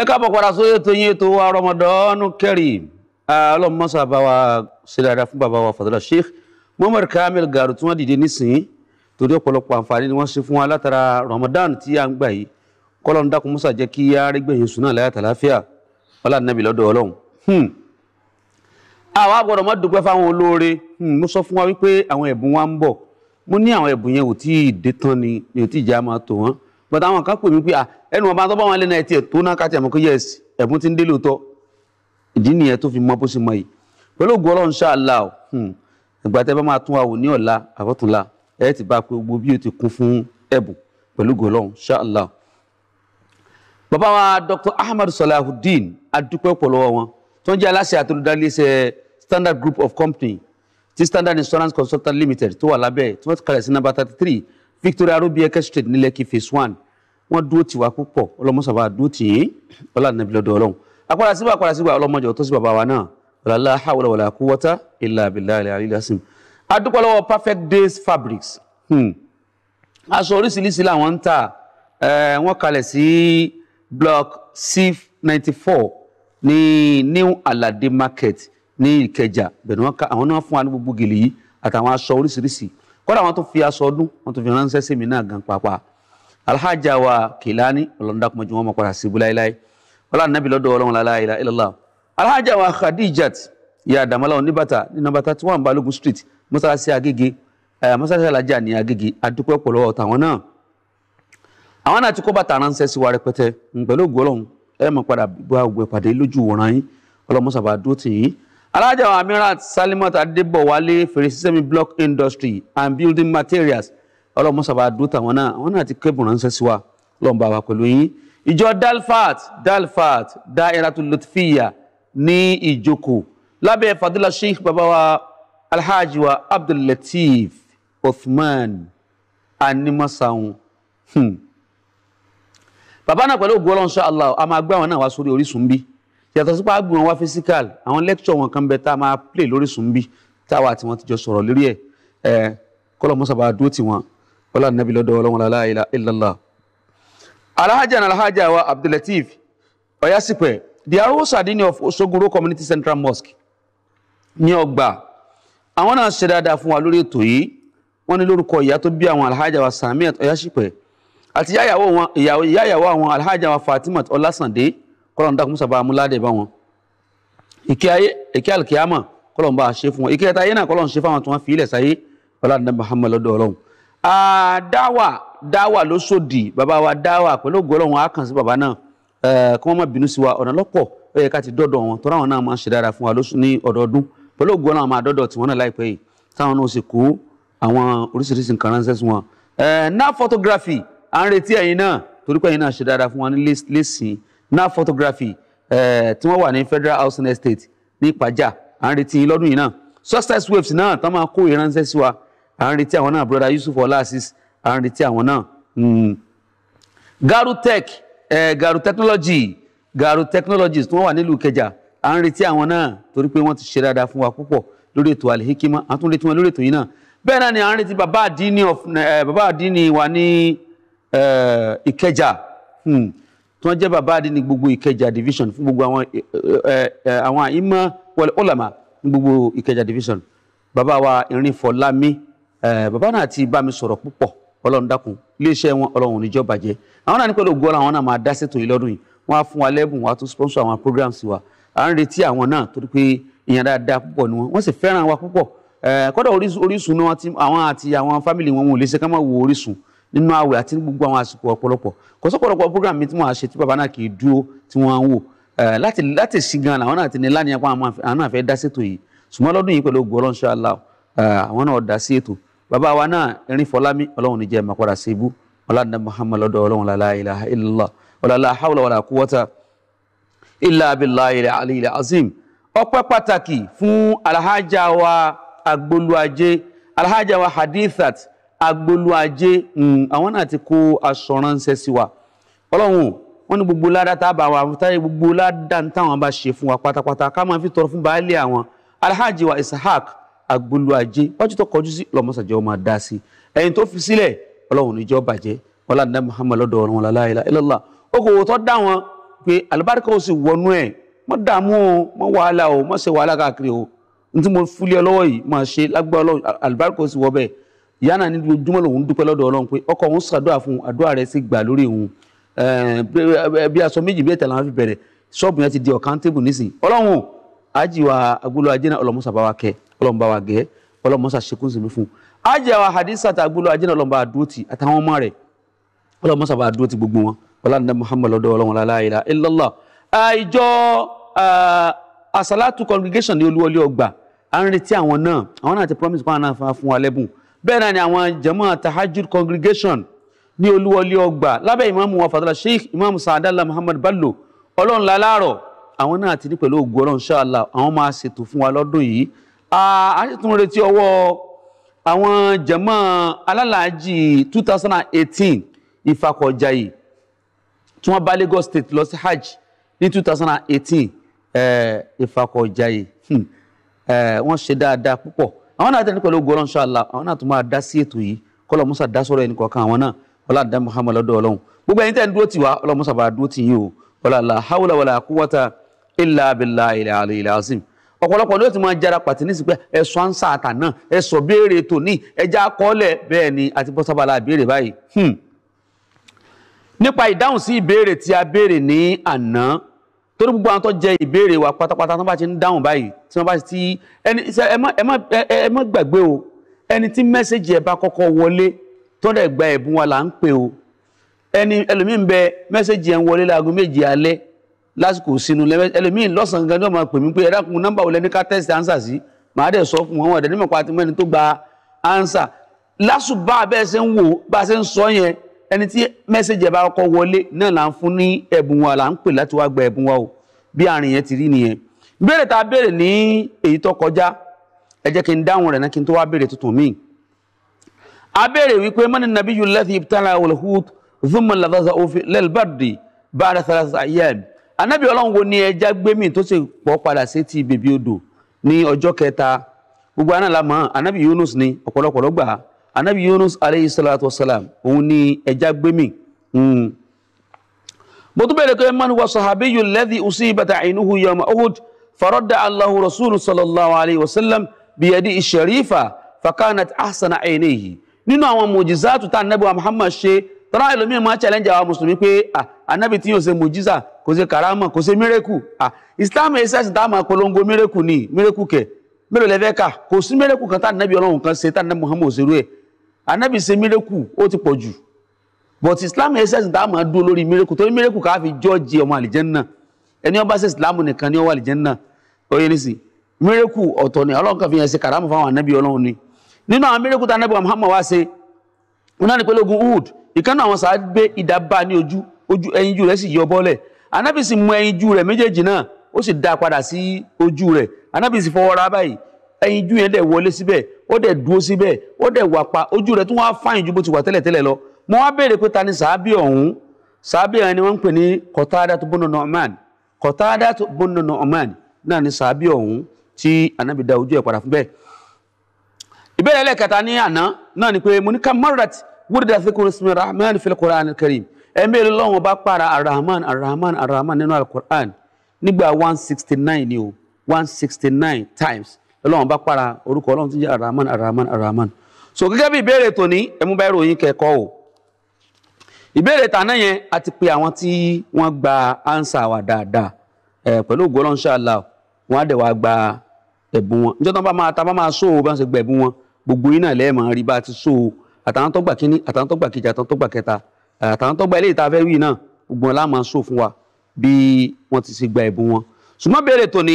ẹ káàbọ̀ padà sórí ètò yín ètò wa Ramadan Kareem ọlọ́mọṣà bá wa ṣe dáadáa fún bàbá wa fàtàlà Sheikh Muhammad Kamil Garu tí wọ́n dìde nísìnyí torí ọ̀pọ̀lọpọ̀ àǹfààní ni wọ́n ṣe fún wa látara Ramadan tí a ń gbà yìí kọ́lọ́ ń dákun mọ́sà jẹ́ kí arégbèyìn sùn náà láyà tàlàáfíà ọlá nàbì lọ́dọ̀ ọlọ́run. àwa hmm. gbọ́dọ̀ má dúpẹ́ fáwọn olóore hmm, mo sọ fún wa wípé àwọn ẹ̀bùn wa ń bọ̀ mo ní àwọn ẹ̀bùn yẹn ò tí dé tán ni ò tí já máa tò wọ́n but àwọn kan pè mí pé ẹnu ọba tó bá wọn lé náà tiẹ̀ tó náà káàtì àmọ́ kó yẹ ẹ̀bùn ti ń dé lóòótọ́ ìdí nìyẹn tó fi mọ bó ṣe mọ yìí pẹ̀lú ògùn ọlọ́run ṣáàlà ọ̀ hmm. ìgbà tẹ́ bá máa tún àwò ní ọ̀la àbọ̀túnla ẹ̀ ti bá pé gbogbo bí o ti kún fún ẹ̀bùn pẹ̀lú ògùn ọlọ́run ṣáàlà ọ̀. bàbá wa Dr. Ahmad Salahuddin adúpẹ́ pọ̀ lọ́wọ́ wọn tó ń jẹ́ aláṣẹ Standard Group of Company ti Standard Insurance Consultant Limited tó wà lábẹ́ tí number thirty three Victoria Arobieke street ní Lekki phase one wọ́n dúró tì wá púpọ̀ ọlọ́mọsàbà dúró tì yín ọlànàbí lọ́dọ̀ ọlọ́run àpàdà síbà àpàdà síbà ọlọ́mọjọ tó sí bàbá wa náà ọ̀làlá hàwọlẹ̀ wàlẹ̀ àkúwọ́tá ilà àbílà ilẹ̀ àríyàsìm perfect days fabrics hmm. aṣọ oríṣiríṣi làwọn ń tà wọ́n kalẹ̀ sí block c ninety four ní new alade market ní ìkẹjà bẹ̀rẹ̀ wọn ká àwọn náà fún wa ní gbogbo gèlè yìí àtàwọn aṣọ oríṣiríṣi kódà wọn tún fi aṣọ ọdún wọn tún fi ránṣẹ́ sí mi náà gan pàápàá alhaja wa Kilani ọlọ́dàkùnmọ́ ju wọn mọ̀ padà síbu láéláé wọn láti nábì lọ́dọ̀ ọlọ́run láláà ilà ilà alhaja wa khadijat ya damala oníbàtà ní nọ́mbà thirty one balógun street mọ́sálásí agége mọ́sálásí alájà ní agége adúpẹ́ pọ̀lọ́wọ́ tàwọn náà àwọn náà ti kó bàtà ránṣẹ́ sí wa rẹpẹtẹ pẹ̀lú ògùn ọlọ́run ẹ mọ̀ padà gbọ́ àgbẹ̀ pàdé lójú wòran yín ọlọ́mọsàbà dúró tì yín alájà amirat salimot adébọ̀wálé fèrèsísẹ́mi block industry and building materials ọlọ́mọsàbà àdúrà wọn náà wọn náà ti kébùn ránṣẹ́ sí wa lọ́nba wa pẹ̀lú yín ìjọ dalfat dalfat dairatu lutfiya ní ìjoko lábẹ́ fadila sheikh babawa alhaji wa abdullateef othman animasaun hmm. bàbá náà pẹ̀lú ògùn ọlọ́run ṣáà allah a máa gbé àwọn náà wá sórí orísun bíi yàtọ̀ sípò àgbè wọn wá àwọn lecture wọn kan bẹ tá a máa play lórí sùnbí táwa àti wọn ti jọ sọ̀rọ̀ lórí ẹ̀ ẹ̀ kọ́lọ̀ mọ́sàbà dúró tì wọn ọlá nàbí lọ́dọ̀ ọlọ́wọ́n la ilaha illallah. alhaja na alhaja wa abdulateef ọ̀yásípẹ̀ they are also adini of Osogoro community central mosque ní ọgbà àwọn náà ṣe dáadáa fún wa lórí ètò yìí wọ́n ní lórúkọ ìyá tó bí àwọn alhaja wa samiat ọ̀yásípẹ̀ àti ìyá ìyàwó àwọn alhaja wa fatima ọlásàndé kọ́lọ̀ ń dákun mọ́sàbá amúládé bá wọn ìkẹ́ alkiyama kọ́lọ̀ ń bá a ṣe fún wọn ìkẹ́ ẹ̀ta yé náà kọ́lọ̀ ń ṣe fáwọn tí wọ́n fi ilẹ̀ sáyé ọlá àdá Muhammad lọ́dọ̀ ọlọ́run. dáwà dáwà ló sòdì bàbá wa dáwà pẹ̀lú gọ́lọ́run á kàn sí bàbá náà kí wọ́n má bínú sí wa ọ̀nà lọ́pọ̀ ó yẹ ká ti dọ́dọ̀ wọn tọ́ra wọn náà máa ń ṣe dára fún wa ní ọdọọdún pẹ̀lú ògùn náà máa dọ́dọ̀ tiwọn náà torí pé ẹ̀yin náà ṣe dára fún wa ní lẹ́sìn Na photography eh, tí wọ́n wà ní federal housing estate ní ìpàjà à ń retí yín lọ́dún yìí náà success waves náà tán máa kó ìránṣẹ́ sí wa à ń retí àwọn náà brother yusuf olasis à ń retí àwọn náà. Hmm. garu tech eh, garu technology garu technologies tí wọ́n wà nílùú kẹjà à ń retí àwọn náà torí pé wọ́n ti ṣe dáadáa fún wa púpọ̀ lórí ètò alihikima à tún retí wọn lórí ètò yìí náà bẹ́ẹ̀ náà ni à ń retí bàbá àdínì eh, wa ní ìkẹjà. Hmm tí wọ́n jẹ́ bàbá àdé ní gbogbo ìkẹjà division fún gbogbo àwọn àwọn àìmọ́ wọlé ọ̀làmà ní gbogbo ìkẹjà division bàbá wa Irinfọlámi bàbá náà ti bá mi sọ̀rọ̀ púpọ̀ ọlọ́run dákun iléeṣẹ́ wọn ọlọ́run níjọ́ bàjẹ́ àwọn náà ní pẹ̀lú ògùn ọlọ́run náà máa dá sètò yìí lọ́dún yìí wọ́n á fún wa lẹ́bùn wọ́n á tún sponsor àwọn programs wa à ń retí àwọn náà torí pé èèyàn dáadáa púpọ̀ ni wọ́n wọ́n sì fẹ́ràn wa púpọ̀ kọ́dọ̀ Orísun náà àwọn àti àwọn fámìlì wọn wọn lè ṣe ká má wo Orísun nínú àwẹ̀ àti gbogbo àwọn àsìkò ọ̀pọ̀lọpọ̀ kò sọ́pọ̀lọpọ̀ program mi tí wọ́n á ṣe tí bàbá náà kì í dúró tí wọ́n á ń wò láti láti sí gan làwọn náà ti ní lánìyàn pa àwọn náà fẹ́ dá ṣètò yìí ṣùgbọ́n lọ́dún yìí pẹ̀lú ògùn ọlọ́run ṣáàlà àwọn náà dá sí ètò bàbá wa náà erin fọlámi ọlọ́run níjẹ́ máa padà sí ibú ọ̀làdá muhammad lọ́dọ̀ ọlọ́run la ilaha illallah ọ̀làlá hawla wàlà quwwata illa billahi aliyil azim ọpẹ́ pàtàkì fún alhaja wa agbolúajé alhaja wa hadithat agbolú ajé hmm, àwọn náà ti kó aṣọ ránṣẹ́ sí wa ọlọ́run wọn ní gbogbo ládá bá wa táyé gbogbo ládá táwọn bá ṣe fún wa pátápátá ká máa fi tọrọ fún baálé àwọn alhaji wa isahak agbolú ajé wájú tó kọjú sí lọmọsàjẹ ọmọ dá sí ẹyin tó fi sílẹ̀ ọlọ́run níjọ́ bàjẹ́ ọlọ́dúnrún muhammad lọ́dọ̀ ọ̀run wàlá ilá ilọ́lá okòwò tó dá wọn pé alibarika ó sì wọnú ẹ̀ mọ́ dààmú o mọ́ wàhálà o mọ́ ṣe wàhálà káàkiri o ní mo fúlẹ̀ ọlọ́wọ́ yìí máa ṣe lágbára ọlọ́run alibarika ó sì wọ bẹ́ẹ̀ ìyá náà ní ojúmọ́ lòun dúpẹ́ lọ́dọ̀ ọlọ́run pé ọkọ òun ṣàdúrà fún àdúrà rẹ̀ sì gbà lórí òun eh, bí aṣọ méjì bí ẹ̀tẹ̀ làwọn fi bẹ̀rẹ̀ ṣọ́ọ̀bù yẹn ti di ọ̀kan tébù nísìn ọlọ́run àjìwà agbolo ajé náà bá wa kẹ ọlọ́run bá wa gẹ ọlọ́mọṣà ṣekún sí mi fún àjìwà hadisa ta agbolo ajé náà ọlọ́run bá dúró àtàwọn ọmọ rẹ̀ ọlọ́mọṣà bá dúró gbogbo wọn ọlọ́run muhammad lọ́dọ̀ ọlọ́run asalatu congregation ní olúwọlé ọgbà à ń retí promise fún àwọn náà bẹ́ẹ̀ náà ni àwọn jama tahajud congregation ní olúwọlé ọgbà lábẹ́ ìmáàmù wa fàtàlà sheikh imam saadala muhammad bello ọlọ́run láláàrọ̀ àwọn náà ti ní pẹ̀lú ògùn ọlọ́run ṣáàlà àwọn máa ṣètò fún wa lọ́dún yìí a sì tún retí ọwọ́ àwọn jama alálàájì 2018 ìfakọ̀jayì tí wọ́n bá lagos state lọ sí hajj ní 2018 ìfakọ̀jayì hmm. wọ́n ṣe dáadáa púpọ̀ àwọn náà tẹ̀lé pẹ̀lú ògùn insha Allah àwọn náà tún máa dá sí ètò yìí kọ́lọ̀ musa dá sọ̀rọ̀ ẹnì kọ̀ọ̀kan àwọn náà wọlá dá muhammed lọ́dọ̀ ọlọ́run gbogbo ẹni tẹ́ ń dúró tì wá ọlọ́run musa bá a dúró tì yín o wọlá la hawla wàlá quwwata illa billahi ilẹ̀ alẹ́ ilẹ̀ azim ọ̀pọ̀lọpọ̀ ni ó ti máa jara pàtì ní sípẹ́ ẹ̀sọ́ ansa àtà náà ẹ̀sọ́ béèrè tòní ẹja kọ́lẹ̀ bẹ́ẹ̀ ni àti bọ́sábàlá béèrè báyìí. Hmm. nípa ìdáhùn sí ìbéèrè tí a béèrè ní àná torí gbogbo àwọn tó jẹ ìbéèrè wa pátápátá tó bá ti ń dáhùn báyìí tí wọ́n bá ti ẹni ẹ má ẹ má ẹ má gbàgbé o ẹni tí mẹ́sẹ̀gì ẹ̀ bá kọ́kọ́ wọlé tó dẹ̀ gba ẹ̀bùn wa là ń pè o ẹni ẹlòmíín bẹ mẹ́sẹ̀gì ẹ̀ ń wọlé láago méje alẹ́ lásìkò sínú ẹlòmíín lọ́sàn gan ni wọ́n máa pè mí pé ẹ dákun nọ́mbà wo lẹni ká tẹ́sí ánsà sí màá dẹ̀ sọ fún wọn ọ̀dẹ̀ nímọ̀ pa àti mẹ́ni tó gba ánsà lásùbà bẹ́ẹ̀ ṣe ń wò bá ṣe ń sọ yẹn ẹni tí mẹ́sẹ̀jì ẹ̀ bá kọ́kọ́ wọlé náà là ń fún ní ẹ̀bùn wa là ń pè láti wá gba ẹ̀bùn wa o bí àárín yẹn ti rí nìyẹn béèrè tá a béèrè ní èyí tó kọjá ẹ jẹ́ kí n dáhùn rẹ̀ náà kí n tó wá béèrè tuntun míì a béèrè wípé mọ́ni nàbí yìí lẹ́sìn ibtala olùhùt zuma ladaza ofi lẹ́lbàdì bára sarasa ayéb ni ẹja gbémì tó sì pọ̀ padà sí ni ọ̀pọ̀lọpọ̀ lọ́gbàá anabi yunus aleyhi salatu wa salam òun ni ẹja gbẹmí hmm. mo tún bẹ̀rẹ̀ pé man wa sahabiyu alladhi usibata ainuhu yawma uhud faradda allahu rasulu sallallahu alayhi wa sallam biyadi isharifa fakanat ahsana ainihi nínú àwọn mojizatu tá anabi wa muhammad ṣe tọ́lá ẹlòmíràn máa challenge àwọn mùsùlùmí pé anabi ah, tí yóò ṣe mojiza kò ṣe karama kò ṣe mírèkù ah, islam ẹ̀ sẹ́sì tá a máa polongo mírèkù ni mírèkù kẹ̀ mélòó kà kò sí mírèkù kan tá anabi ọlọ́run kan ṣe tá anabi muhammad ṣerú ẹ̀ anábì ṣe mírèkù ó ti pọ̀ jù but islam ẹsẹ̀ sì dáàmú dúró lórí mírèkù torí mírèkù ká fi jọ́ọ̀jì ọmọ àlìjẹ́nnà ẹni ó bá ṣe islam nìkan ni ó wà àlìjẹ́nnà oyè nísì mírèkù ọ̀tọ̀ ni ọlọ́run kan fi hàn ṣe kàrámù fáwọn anábì ọlọ́run ni nínú àwọn mírèkù tá anábì Muhammad wá ṣe wọn náà ní pẹ̀lú ogun Uhud ìkànnì àwọn sàá gbé ìdá bá ní ojú ojú ẹyinjú rẹ̀ sì yọ bọ́lẹ̀ anábì sì mú ẹyinjú rẹ̀ méjèèjì náà ó sì dá padà sí ojú rẹ̀ anábì sì fọwọ́ ra báyìí ẹyinjú yẹn dẹ̀ wọlé síbẹ̀ ó dẹ̀ dúró síbẹ̀ ó dẹ̀ wà pa ojú rẹ̀ tó wá fáyìn ju bó ti wà tẹ́lẹ̀tẹ́lẹ̀ lọ mo wá béèrè pé ta ni sàábì ọ̀hún sàábì ọ̀hún ni wọ́n ń pè ní Qatadat bunu Nu'man Qatadat bunu Nu'man náà ni sàábì ọ̀hún tí Ànábì dá ojú ẹ̀ padà fún bẹ́ẹ̀. ìbéèrè ẹlẹ́kẹta ní àná náà ni pé mo ní kamarat wúdìdà síkúrú sinmi rahman fil Qur'an al-Karim ẹ̀mí lọ́wọ́n bá para arahman arahman arahman nínú al nígbà one sixty nine ni o one sixty nine times lọ́lọ́run bá para orúkọ ọlọ́run ti jẹ́ araman araman araman so gẹ́gẹ́ bí ìbéèrè tòní ẹmú bá ìròyìn kẹ́kọ̀ọ́ o ìbéèrè tàná yẹn a ti pe àwọn tí wọ́n gba ánsà wa dáadáa ẹ̀ pẹ̀lú ògo ọlọ́run ṣáàlà wọn á dẹ̀ wá gba ẹ̀bùn wọn níjọ́ tán bá máa ta bá máa sóò bá ń ṣe gba ẹ̀bùn wọn gbogbo yín náà lẹ́ẹ̀mọ́ rí bá ti sóò àtàwọn tó gbà kíní àtàwọn tó gbà kejì àtàwọn tó gbà kẹta àtàwọn tó gbà eléyìí tá a fẹ́ wí náà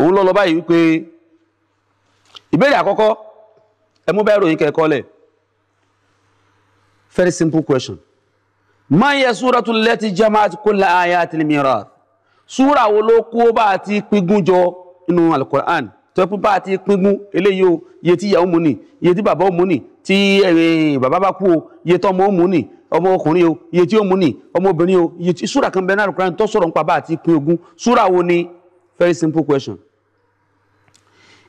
òun lọ báyìí wípé ìbéèrè àkọ́kọ́ ẹ mú báyìí lẹ̀ very simple question máa yẹ súra tún lẹ́tí jamaat kulla ayatil mirath súra wo ló kó bá a ti pígún jọ nínú alukur'an tó pín bá a ti pígún eléyìí o iye tí ìyàwó mú ni iye tí bàbá mú ni tí bàbá bá kú o iye tó ọmọ mú ni ọmọ ọkùnrin o iye tí ó mú ni ọmọbìnrin o iye tí súra kan bẹ náà alukur'an tó sọ̀rọ̀ nípa bá a ti pín ogún súra wo ni very simple question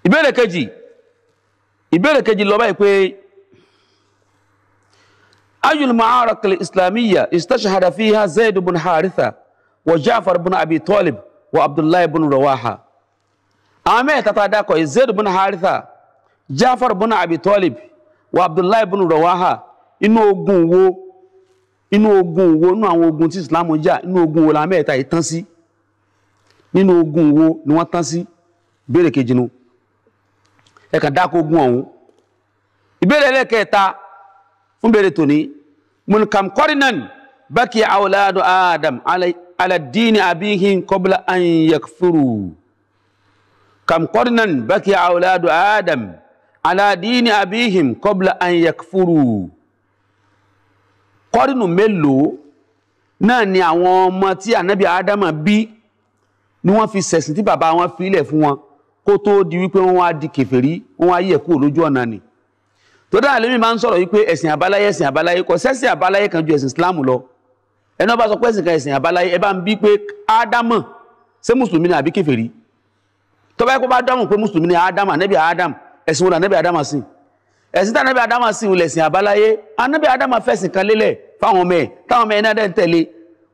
ìbéèrè kejì ìbéèrè kejì lọ báyìí pé ayul ma'arak al-islamiyya istashhada fiha zaid ibn haritha wa ja'far ibn abi talib wa abdullah ibn rawaha àwọn mẹ́ta tá a dákọ̀ zaid ibn haritha ja'far ibn abi talib wa abdullah ibn rawaha inú ogun wo inú ogun wo inú àwọn ogun tí islam jà inú ogun wo làwọn mẹ́ta yìí nínú ogun wo ni wọ́n tán sí kejì nu. No ẹ kàn dákógún ọ̀hún ìbéèrè ẹlẹ́kẹta fún béèrè tòní munkam kọ́rinan bákì àwòládù adam aladini abihin kọ́bùlà an yakfuru kam kọ́rinan bákì àwòládù adam aladini abihin kọ́bùlà an yakfuru kọ́rínù mélòó náà ni àwọn ọmọ tí ànábì ádámà bí ni wọ́n fi ṣẹ̀sìn tí bàbá wọn fi ilẹ̀ fún wọn kó tó di wípé wọ́n wá di kèfèrí wọ́n wá yẹ̀ kúrò lójú ọ̀nà ni tó dáhà lèmi máa ń sọ̀rọ̀ wípé ẹ̀sìn àbáláyé ẹ̀sìn àbáláyé kò sẹ́sìn àbáláyé kan ju ẹ̀sìn Islam lọ ẹni wọ́n bá sọ pé ẹ̀sìn kan ẹ̀sìn àbáláyé ẹ bá ń bí pé Ádámọ̀ ṣé mùsùlùmí ni àbí kèfèrí tó bá yẹ kó bá dáhùn pé mùsùlùmí ni Ádámà nẹ́bí Ádámù ẹ̀sìn wọn nẹ́bí Ádámà sìn ẹ̀sìn tá nẹ́bí Ádámà sìn wọn lẹ̀sìn àbáláyé anẹ́bí Ádámà fẹ̀sìn kan lélẹ̀ fáwọn ọmọ ẹ̀ táwọn ọmọ ẹ̀ náà dẹ̀ ń tẹ̀lé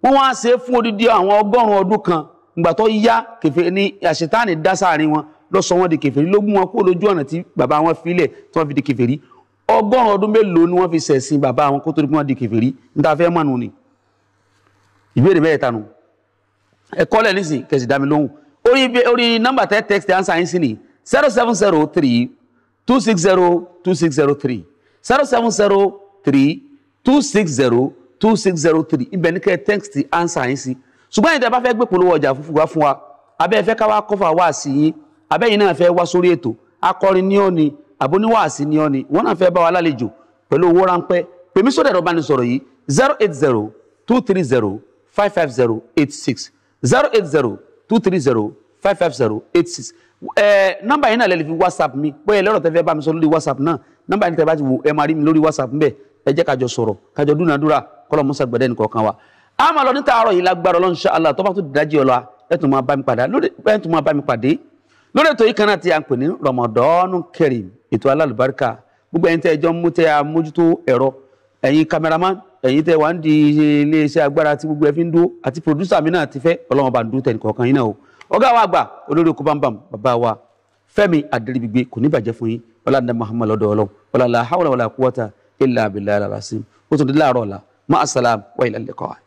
wọ́n wá ṣe é fún odidi àwọn ọgọ́rùn-ún ọdún kan ìgbà tó yá kèfèrí ni àṣetáàní dá sáàrin wọn ló sọ wọn di kèfèrí ló mú wọn kó lójú ọ̀nà tí bàbá wọn filẹ̀ tí wọ́n fi di kèfèrí ọgọ́rùn ọdún mélòó ni wọ́n fi ṣẹ̀sìn bàbá wọn kó tó di pé wọ́n di kèfèrí ní ta fẹ́ mọ̀nù ni ìbéèrè bẹ́ẹ̀ tanu ẹ kọ́lẹ̀ nísìn kẹsì dá lóhùn orí orí nọ́mbà tẹ́ text answer yín sí ni zero seven zero three two six zero two six zero three zero seven zero three two six zero two six zero three ibẹ̀ ní kẹ́ text answer yín sí ṣùgbọ́n ìdá bá fẹ́ gbé polówó ọjà fúnfún wa fún wa abẹ́ ẹ fẹ́ kọ́fà wá sí yín abẹ́yìn náà fẹ́ wá sórí ètò akọrin ní ọ́ ni àbóníwàásí ní ọ́ ni wọ́n náà fẹ́ bá wa lálejò pẹ̀lú owó ráńpẹ́ pèmí sódà ẹ̀rọ ìbánisọ̀rọ̀ yìí zero eight zero two three zero five five zero eight six zero eight zero two three zero five five zero eight six ẹ nọ́mbà yìí náà lẹ́lẹ́ fi whatsapp mi bóyá lọ́rọ̀ tẹ́ fẹ́ bá mi sọ lórí whatsapp náà nọ́mbà yìí tẹ́ bá ti wò ẹ máa rí mi lórí whatsapp mbẹ ẹ jẹ́ kájọ sọ̀rọ̀ kájọ dúnadúrà kọ́lọ̀ musa gbẹ̀dẹ́ nìkọ̀ọ̀kan wa a máa lọ ní tààrọ̀ yìí lágbára ọlọ́run ṣáà allah tọ́ba tó dájú ọ̀la ẹ tún máa bá mi pàdé lórí ètò yìí kan náà tí a ń pè ní Ramadan Kareem ètò alálùbáríkà gbogbo ẹ̀yin tẹ́ ẹ jọ ń mú tẹ́ a mójútó ẹ̀rọ ẹ̀yin kameraman ẹ̀yin tẹ́ wà ń di iléeṣẹ́ agbára tí gbogbo ẹ fi ń dúró àti pòdúsà mi náà ti fẹ́ Ọlọ́run bá ń dúró tẹnì kọ̀ọ̀kan yín náà o ọ̀gá wa àgbà olórí oko bámbam bàbá wa Fẹ́mi Adéríbigbé kò ní bàjẹ́ fún yín ọlànà Muhammad lọ́dọ̀ Ọlọ́run ọlàlà hawla wàlà kúwọ́tà illa billahi al-azim ó tún dé ma as wa ila